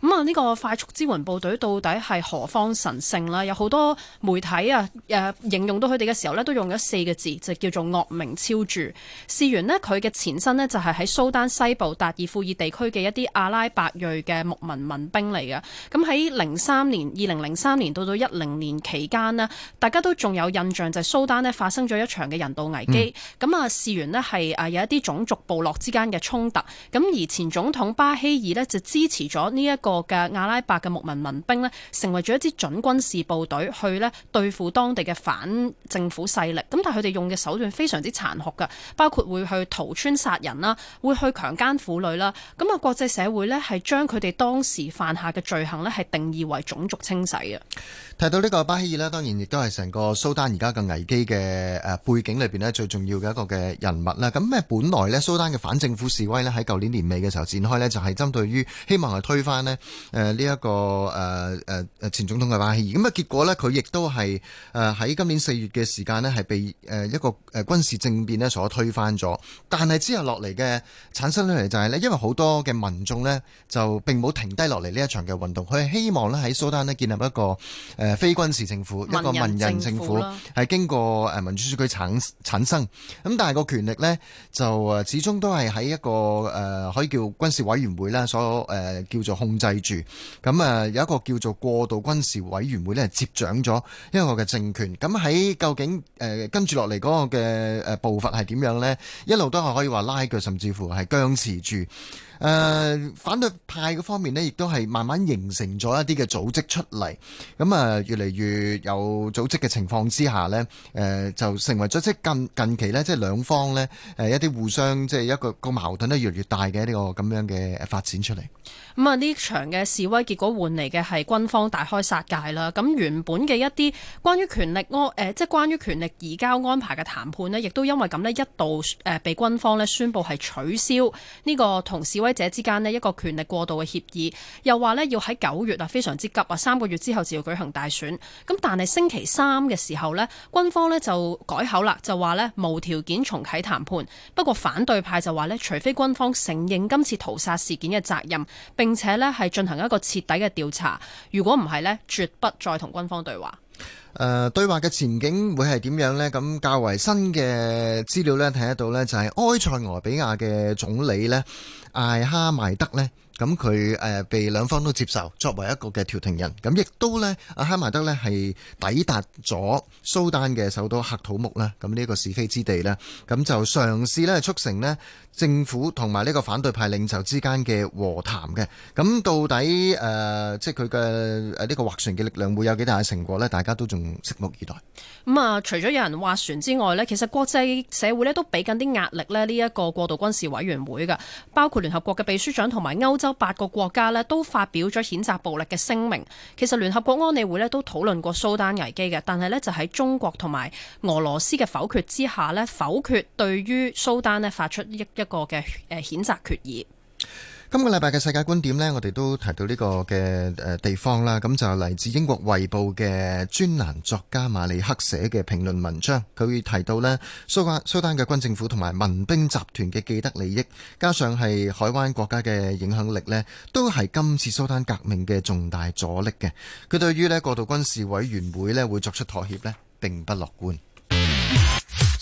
咁、嗯、啊，呢、這個快速支援部隊到底係何方神聖咧？有好多媒體啊，誒、啊、形容到佢哋嘅時候咧，都用咗四個字，就叫做惡名昭著。事源咧，佢嘅前身咧就係喺蘇丹西部達爾富爾地區嘅一啲阿拉伯裔嘅牧民民兵嚟嘅。咁喺零三年、二零零三年到到一零年期間咧，大家都仲有印象就係蘇丹咧發生咗一場嘅人道危機。咁、嗯、啊，事源咧係啊有一啲種族部落之間嘅衝突。咁而前總統巴希爾咧就支持咗呢一個。個嘅阿拉伯嘅牧民民兵呢，成為咗一支準軍事部隊，去呢對付當地嘅反政府勢力。咁但係佢哋用嘅手段非常之殘酷㗎，包括會去屠村殺人啦，會去強姦婦女啦。咁啊，國際社會呢，係將佢哋當時犯下嘅罪行呢，係定義為種族清洗嘅。提到呢個巴希爾呢，當然亦都係成個蘇丹而家嘅危機嘅誒背景裏邊呢最重要嘅一個嘅人物啦。咁咩本來呢，蘇丹嘅反政府示威呢，喺舊年年尾嘅時候展開呢，就係針對於希望係推翻呢。誒呢一個誒、呃、前總統嘅巴希爾，咁啊結果呢，佢亦都係誒喺今年四月嘅時間呢，係被誒一個誒軍事政變呢所推翻咗。但係之後落嚟嘅產生出嚟就係呢，因為好多嘅民眾呢，就並冇停低落嚟呢一場嘅運動，佢係希望呢，喺蘇丹呢建立一個非軍事政府，政府一個民人政府，係經過民主選舉產產生。咁但係個權力呢，就始終都係喺一個誒可以叫軍事委員會啦所誒叫做控制。住咁啊，有一個叫做過渡軍事委員會咧接掌咗，一個嘅政權。咁喺究竟誒、呃、跟住落嚟嗰個嘅誒步伐係點樣呢？一路都係可以話拉佢，甚至乎係僵持住。誒、呃、反對派嘅方面呢，亦都係慢慢形成咗一啲嘅組織出嚟，咁、嗯、啊越嚟越有組織嘅情況之下呢，誒、呃、就成為咗即近近期呢，即係兩方呢，誒、呃、一啲互相即係一個一個矛盾呢，越嚟越大嘅呢個咁樣嘅發展出嚟。咁、嗯、啊，呢場嘅示威結果換嚟嘅係軍方大開殺戒啦。咁原本嘅一啲關於權力安誒、呃，即係關於權力移交安排嘅談判呢，亦都因為咁呢一度誒被軍方呢宣布係取消呢個同示威。者之間呢一個權力過渡嘅協議，又話呢要喺九月啊非常之急啊，三個月之後就要舉行大選，咁但係星期三嘅時候呢軍方呢就改口啦，就話呢無條件重啟談判。不過反對派就話呢，除非軍方承認今次屠殺事件嘅責任，並且呢係進行一個徹底嘅調查，如果唔係呢，絕不再同軍方對話。誒、呃、對話嘅前景會係點樣呢？咁較為新嘅資料咧，睇得到呢就係埃塞俄比亞嘅總理呢，艾哈邁德呢。咁佢誒被兩方都接受，作為一個嘅調停人，咁亦都咧，阿哈馬德咧係抵達咗蘇丹嘅首都喀土木啦，咁、這、呢個是非之地咧，咁就嘗試咧促成咧政府同埋呢個反對派領袖之間嘅和談嘅。咁到底誒即係佢嘅呢個划船嘅力量會有幾大嘅成果咧？大家都仲拭目以待。咁啊，除咗有人划船之外咧，其實國際社會咧都俾緊啲壓力咧呢一個過渡軍事委員會嘅，包括聯合國嘅秘書長同埋歐洲。八個國家呢都發表咗譴責暴力嘅聲明。其實聯合國安理會呢都討論過蘇丹危機嘅，但係呢就喺中國同埋俄羅斯嘅否決之下否決對於蘇丹咧發出一一個嘅誒譴責決議。今個禮拜嘅世界觀點呢，我哋都提到呢個嘅誒地方啦。咁就嚟自英國衛報嘅專欄作家馬里克寫嘅評論文章，佢會提到呢，蘇丹蘇丹嘅軍政府同埋民兵集團嘅既得利益，加上係海灣國家嘅影響力呢都係今次蘇丹革命嘅重大阻力嘅。佢對於呢，過渡軍事委員會呢會作出妥協呢並不樂觀。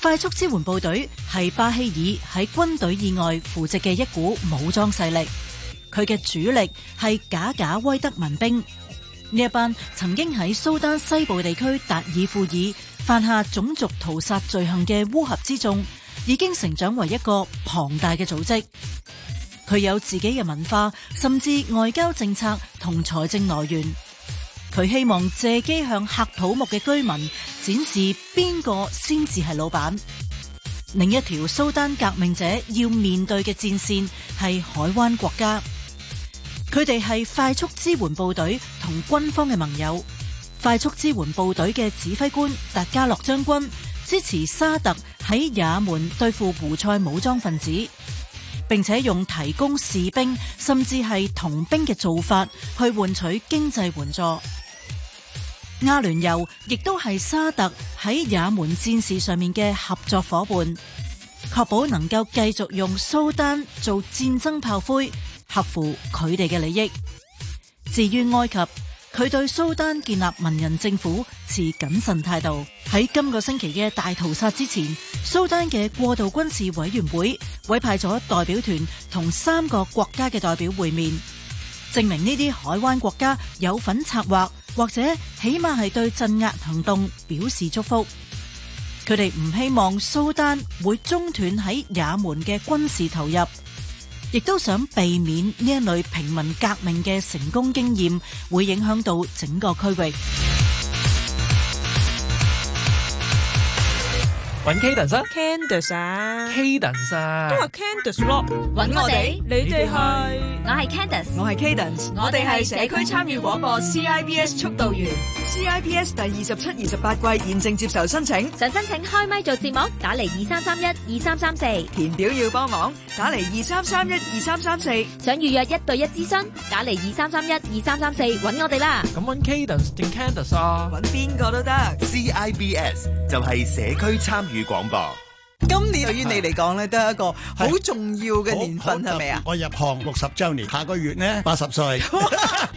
快速支援部隊係巴希爾喺軍隊以外扶植嘅一股武裝勢力，佢嘅主力係賈賈威德民兵，呢一班曾經喺蘇丹西部地區達爾富爾犯下種族屠殺罪行嘅烏合之眾，已經成長為一個龐大嘅組織。佢有自己嘅文化，甚至外交政策同財政來源。佢希望借機向喀土穆嘅居民展示邊個先至係老闆。另一條蘇丹革命者要面對嘅戰線係海灣國家，佢哋係快速支援部隊同軍方嘅盟友。快速支援部隊嘅指揮官達加洛將軍支持沙特喺也門對付胡塞武裝分子。並且用提供士兵甚至係同兵嘅做法去換取經濟援助。阿聯酋亦都係沙特喺也門戰事上面嘅合作夥伴，確保能夠繼續用蘇丹做戰爭炮灰，合乎佢哋嘅利益。至於埃及。佢對蘇丹建立文人政府持謹慎態度。喺今個星期嘅大屠殺之前，蘇丹嘅過渡軍事委員會委派咗代表團同三個國家嘅代表會面，證明呢啲海灣國家有份策劃，或者起碼係對鎮壓行動表示祝福。佢哋唔希望蘇丹會中斷喺也門嘅軍事投入。亦都想避免呢一類平民革命嘅成功經驗會影響到整個區域。揾 c a n d e n、啊、c e、啊、c a n d e n、啊、c e c a d e n c e 都話 Candence 咯。揾我哋，你哋係，我係 Candence，我係 Candence，我哋係社區參與廣播 CIBS 速度員，CIBS 第二十七、二十八季現正接受申請。想申請開咪做節目，打嚟二三三一二三三四。填表要幫忙，打嚟二三三一二三三四。想預約一對一諮詢，打嚟二三三一二三三四，揾我哋啦。咁揾 Candence 定 Candence 啊？揾邊個都得，CIBS 就係社區參與。廣播，今年對於你嚟講咧，都係一個好重要嘅年份係咪啊？我入行六十周年，下個月咧八十歲。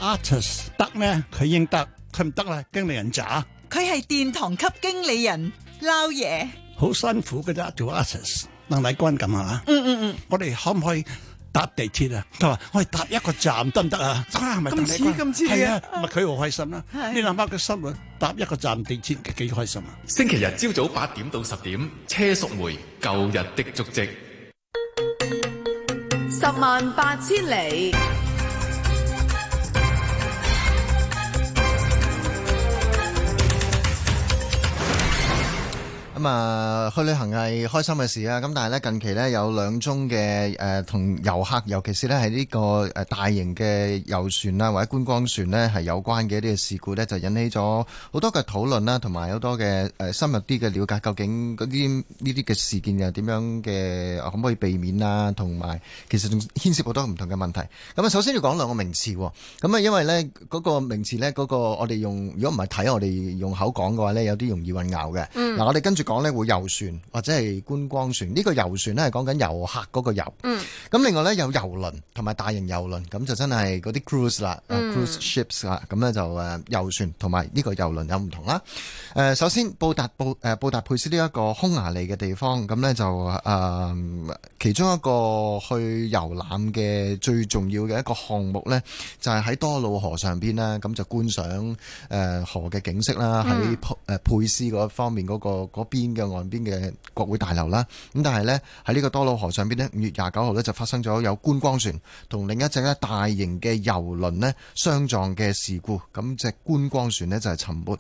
artist 得咩？佢應得，佢唔得啦？經理人咋？佢係殿堂級經理人撈嘢，好辛苦噶咋，做 artist？鄧麗君咁啊？嗯嗯嗯，我哋可唔可以？搭地鐵啊！佢話我哋搭一個站得唔得啊？咁似咁似係啊，咪佢好開心啦！你諗下佢心啊，搭一個站地鐵幾開心啊！星期日朝早八點到十點，車淑梅舊日的足跡，十萬八千里。咁啊，去旅行係開心嘅事啊！咁但係咧，近期咧有兩宗嘅誒同遊客，尤其是咧喺呢個誒大型嘅遊船啦，或者觀光船咧係有關嘅一啲事故咧，就引起咗好多嘅討論啦，同埋好多嘅誒深入啲嘅了解，究竟嗰啲呢啲嘅事件又點樣嘅，可唔可以避免啊？同埋其實仲牽涉好多唔同嘅問題，咁啊，首先要講兩個名詞，咁啊，因為咧嗰個名詞咧，嗰個我哋用，如果唔係睇我哋用口講嘅話咧，有啲容易混淆嘅。嗱、嗯，我哋跟住。講咧會遊船或者係觀光船，呢個遊船咧係講緊遊客個遊。嗯。咁另外咧有遊輪同埋大型遊輪，咁就真係啲 cruise 啦，cruise ships 啦，咁咧就誒遊船同埋呢個遊輪有唔同啦。誒首先布達布誒布達佩斯呢一個匈牙利嘅地方，咁咧就誒其中一個去遊覽嘅最重要嘅一個項目咧，就係喺多瑙河上邊啦，咁就觀賞誒河嘅景色啦，喺誒佩斯嗰方面嗰個嗰邊。嗯那邊嘅岸邊嘅國會大樓啦，咁但係咧喺呢個多瑙河上邊咧，五月廿九號咧就發生咗有觀光船同另一隻咧大型嘅遊輪咧相撞嘅事故，咁隻觀光船咧就係沉沒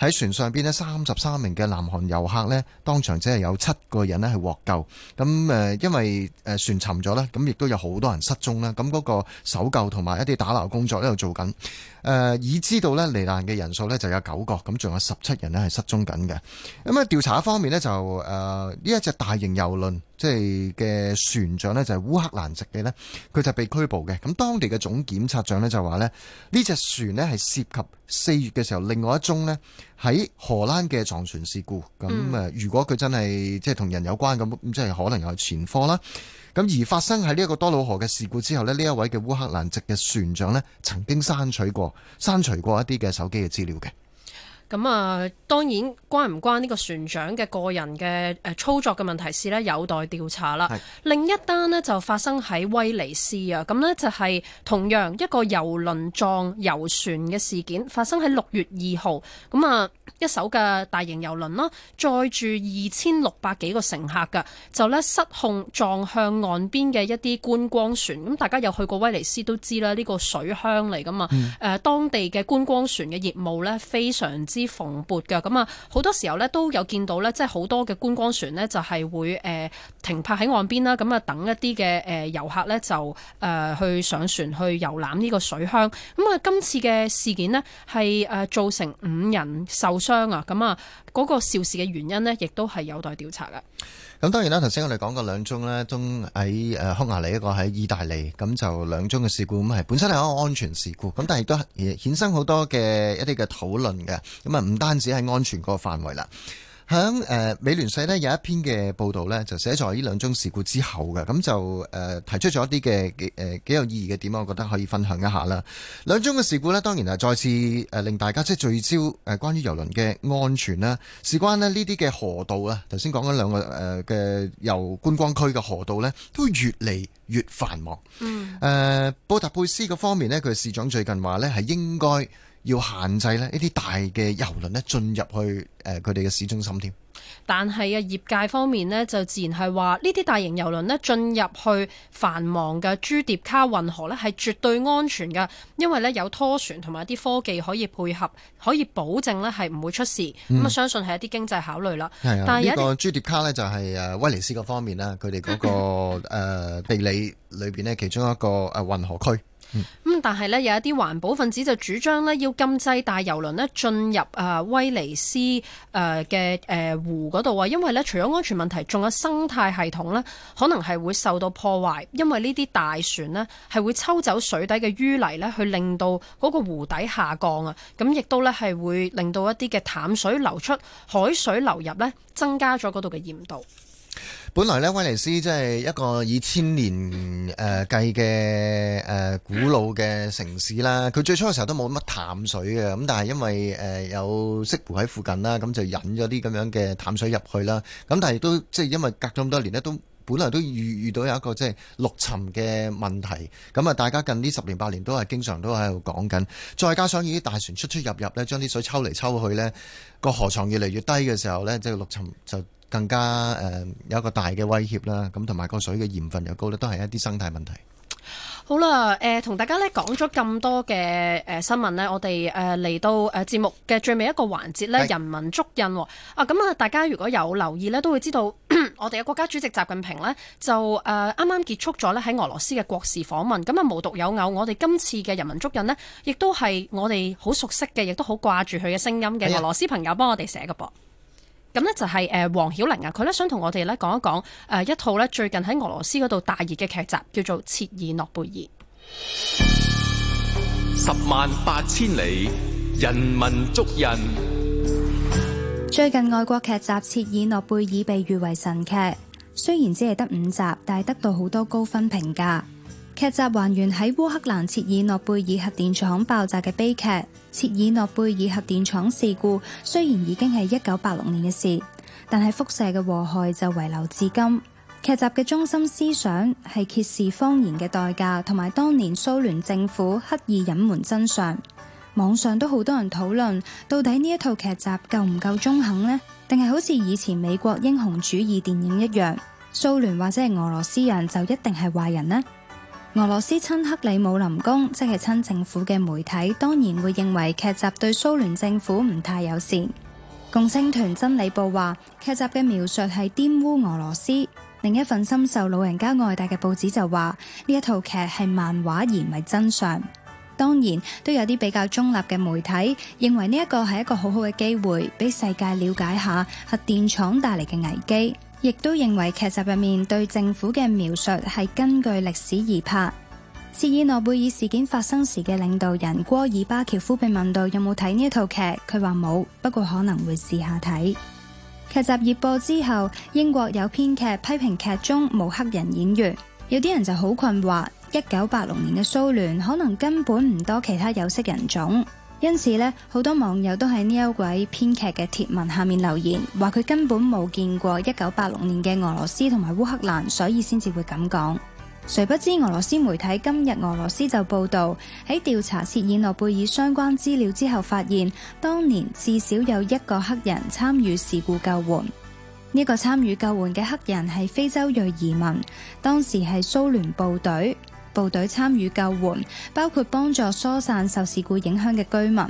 喺船上邊咧三十三名嘅南韓遊客咧當場只係有七個人咧係獲救，咁誒因為誒船沉咗啦，咁亦都有好多人失蹤啦，咁嗰個搜救同埋一啲打撈工作咧度做緊，誒已知道咧罹難嘅人數咧就有九個，咁仲有十七人咧係失蹤緊嘅，咁啊調查。方面呢，就誒呢、呃、一隻大型遊輪即係嘅船長呢，就係、是、烏克蘭籍嘅呢，佢就被拘捕嘅。咁當地嘅總檢察長呢，就話呢，呢隻船呢，係涉及四月嘅時候另外一宗呢，喺荷蘭嘅撞船事故咁誒、嗯、如果佢真係即係同人有關咁即係可能有前科啦。咁而發生喺呢一個多瑙河嘅事故之後呢，呢一位嘅烏克蘭籍嘅船長呢，曾經刪除過刪除過一啲嘅手機嘅資料嘅。咁、嗯、啊，當然關唔關呢個船長嘅個人嘅操作嘅問題是呢？有待調查啦。另一單呢，就發生喺威尼斯啊，咁、嗯、呢，就係、是、同樣一個遊輪撞遊船嘅事件發生喺六月二號咁啊。嗯嗯一艘嘅大型郵輪啦，載住二千六百幾個乘客嘅，就咧失控撞向岸邊嘅一啲觀光船。咁大家有去過威尼斯都知啦，呢個水鄉嚟噶嘛。誒、嗯，當地嘅觀光船嘅業務咧非常之蓬勃嘅。咁啊，好多時候咧都有見到呢，即係好多嘅觀光船呢，就係會誒停泊喺岸邊啦。咁啊，等一啲嘅誒遊客呢，就誒去上船去遊覽呢個水鄉。咁啊，今次嘅事件呢，係誒造成五人受受傷啊，咁啊，嗰個肇事嘅原因呢，亦都係有待調查㗎。咁當然啦，頭先我哋講過兩宗呢，中喺誒匈牙利一個喺意大利，咁就兩宗嘅事故，咁係本身係一個安全事故，咁但係亦都衍生好多嘅一啲嘅討論嘅，咁啊唔單止係安全嗰個範圍啦。喺誒美聯社呢有一篇嘅報道呢，就寫在呢兩宗事故之後嘅，咁就誒提出咗一啲嘅誒幾有意義嘅點，我覺得可以分享一下啦。兩宗嘅事故呢，當然係再次誒令大家即係聚焦誒關於遊輪嘅安全啦。事關呢呢啲嘅河道啊，頭先講咗兩個誒嘅由觀光區嘅河道呢，都越嚟越繁忙。嗯。誒、呃，布達佩斯嘅方面呢，佢市長最近話呢，係應該，要限制呢一啲大嘅遊輪呢進入去誒佢哋嘅市中心添。但係啊，業界方面呢，就自然係話呢啲大型遊輪呢進入去繁忙嘅朱碟卡運河呢係絕對安全嘅，因為呢有拖船同埋一啲科技可以配合，可以保證呢係唔會出事。咁、嗯、啊，相信係一啲經濟考慮啦。係、啊、一呢、呢個朱碟卡呢，就係誒威尼斯嗰方面啦，佢哋嗰個、呃、地理裏邊呢，其中一個誒、啊、運河區。咁但係咧有一啲環保分子就主張呢，要禁制大遊輪呢進入啊威尼斯誒嘅誒湖嗰度啊，因為呢，除咗安全問題，仲有生態系統呢，可能係會受到破壞，因為呢啲大船呢，係會抽走水底嘅淤泥呢，去令到嗰個湖底下降啊，咁亦都呢，係會令到一啲嘅淡水流出、海水流入呢，增加咗嗰度嘅鹽度。本來呢，威尼斯即係一個以千年誒、呃、計嘅誒、呃、古老嘅城市啦。佢最初嘅時候都冇乜淡水嘅，咁但係因為誒、呃、有色湖喺附近啦，咁就引咗啲咁樣嘅淡水入去啦。咁但係都即係因為隔咗咁多年呢，都本來都遇遇到有一個即係陸沉嘅問題。咁啊，大家近呢十年八年都係經常都喺度講緊。再加上呢啲大船出出入入呢，將啲水抽嚟抽去呢，個河床越嚟越低嘅時候呢，即、就、係、是、陸沉就。更加誒、呃、有一個大嘅威脅啦，咁同埋個水嘅鹽分又高咧，都係一啲生態問題。好啦，誒、呃、同大家咧講咗咁多嘅誒新聞咧，我哋誒嚟到誒節目嘅最尾一個環節咧，人民足印啊！咁啊，大家如果有留意咧，都會知道 [COUGHS] 我哋嘅國家主席習近平呢，就誒啱啱結束咗咧喺俄羅斯嘅國事訪問。咁啊，無獨有偶，我哋今次嘅人民足印呢，亦都係我哋好熟悉嘅，亦都好掛住佢嘅聲音嘅俄羅斯朋友幫我哋寫嘅噃。咁呢就係誒黃曉玲啊，佢咧想同我哋咧講一講誒一套咧最近喺俄羅斯嗰度大熱嘅劇集，叫做《切爾諾貝爾》。十萬八千里，人民足印。最近外國劇集《切爾諾貝爾》被譽為神劇，雖然只係得五集，但係得到好多高分評價。劇集還原喺烏克蘭切爾諾貝爾核電廠爆炸嘅悲劇。切爾諾貝爾核電廠事故雖然已經係一九八六年嘅事，但係輻射嘅禍害就遺留至今。劇集嘅中心思想係揭示謊言嘅代價，同埋當年蘇聯政府刻意隱瞞真相。網上都好多人討論到底呢一套劇集夠唔夠中肯呢？定係好似以前美國英雄主義電影一樣，蘇聯或者係俄羅斯人就一定係壞人呢？俄羅斯親克里姆林宮，即係親政府嘅媒體，當然會認為劇集對蘇聯政府唔太友善。共青團真理報話，劇集嘅描述係玷污俄羅斯。另一份深受老人家愛戴嘅報紙就話，呢一套劇係漫畫而唔係真相。當然都有啲比較中立嘅媒體認為呢一個係一個好好嘅機會，俾世界了解下核電廠帶嚟嘅危機。亦都認為劇集入面對政府嘅描述係根據歷史而拍。切爾諾貝爾事件發生時嘅領導人戈爾巴喬夫被問到有冇睇呢一套劇？佢話冇，不過可能會試下睇。劇集熱播之後，英國有編劇批評劇中冇黑人演員，有啲人就好困惑。一九八六年嘅蘇聯可能根本唔多其他有色人種。因此呢，好多網友都喺呢位編劇嘅貼文下面留言，話佢根本冇見過一九八六年嘅俄羅斯同埋烏克蘭，所以先至會咁講。誰不知俄羅斯媒體今日俄羅斯就報道喺調查切爾諾貝爾相關資料之後，發現當年至少有一個黑人參與事故救援。呢個參與救援嘅黑人係非洲裔移民，當時係蘇聯部隊。部隊參與救援，包括幫助疏散受事故影響嘅居民。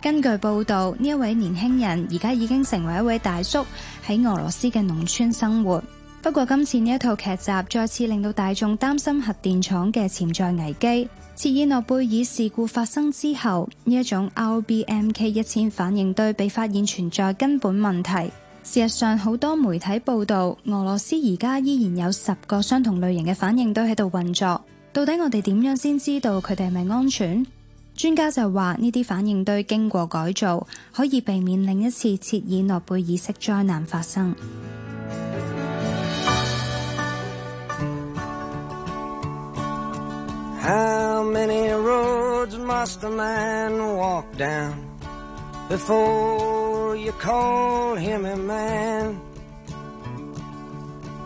根據報道，呢一位年輕人而家已經成為一位大叔，喺俄羅斯嘅農村生活。不過，今次呢一套劇集再次令到大眾擔心核電廠嘅潛在危機。切爾諾貝爾事故發生之後，呢一種 RBMK 一千反應堆被發現存在根本問題。事實上，好多媒體報道俄羅斯而家依然有十個相同類型嘅反應堆喺度運作。到底我哋點樣先知道佢哋係咪安全？專家就話，呢啲反應堆經過改造，可以避免另一次切爾諾貝爾式災難發生。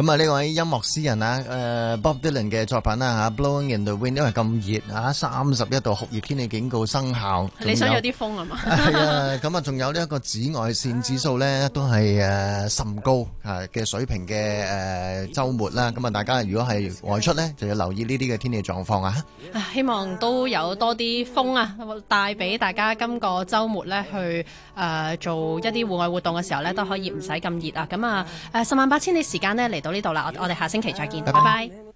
咁啊，呢位音樂詩人啊，誒 Bob Dylan 嘅作品啦吓 Blowing in the Wind，因為咁熱啊，三十一度酷熱天氣警告生效，你想有啲風啊嘛？係啊，咁啊，仲有呢一個紫外線指數咧，都係誒甚高啊嘅水平嘅誒周末啦。咁啊，大家如果係外出咧，就要留意呢啲嘅天氣狀況啊。啊，希望都有多啲風啊，帶俾大家今個周末咧去誒做一啲戶外活動嘅時候咧，都可以唔使咁熱啊。咁啊，誒十萬八千里時間咧嚟到到呢度啦，我我哋下星期再見，拜拜。拜拜。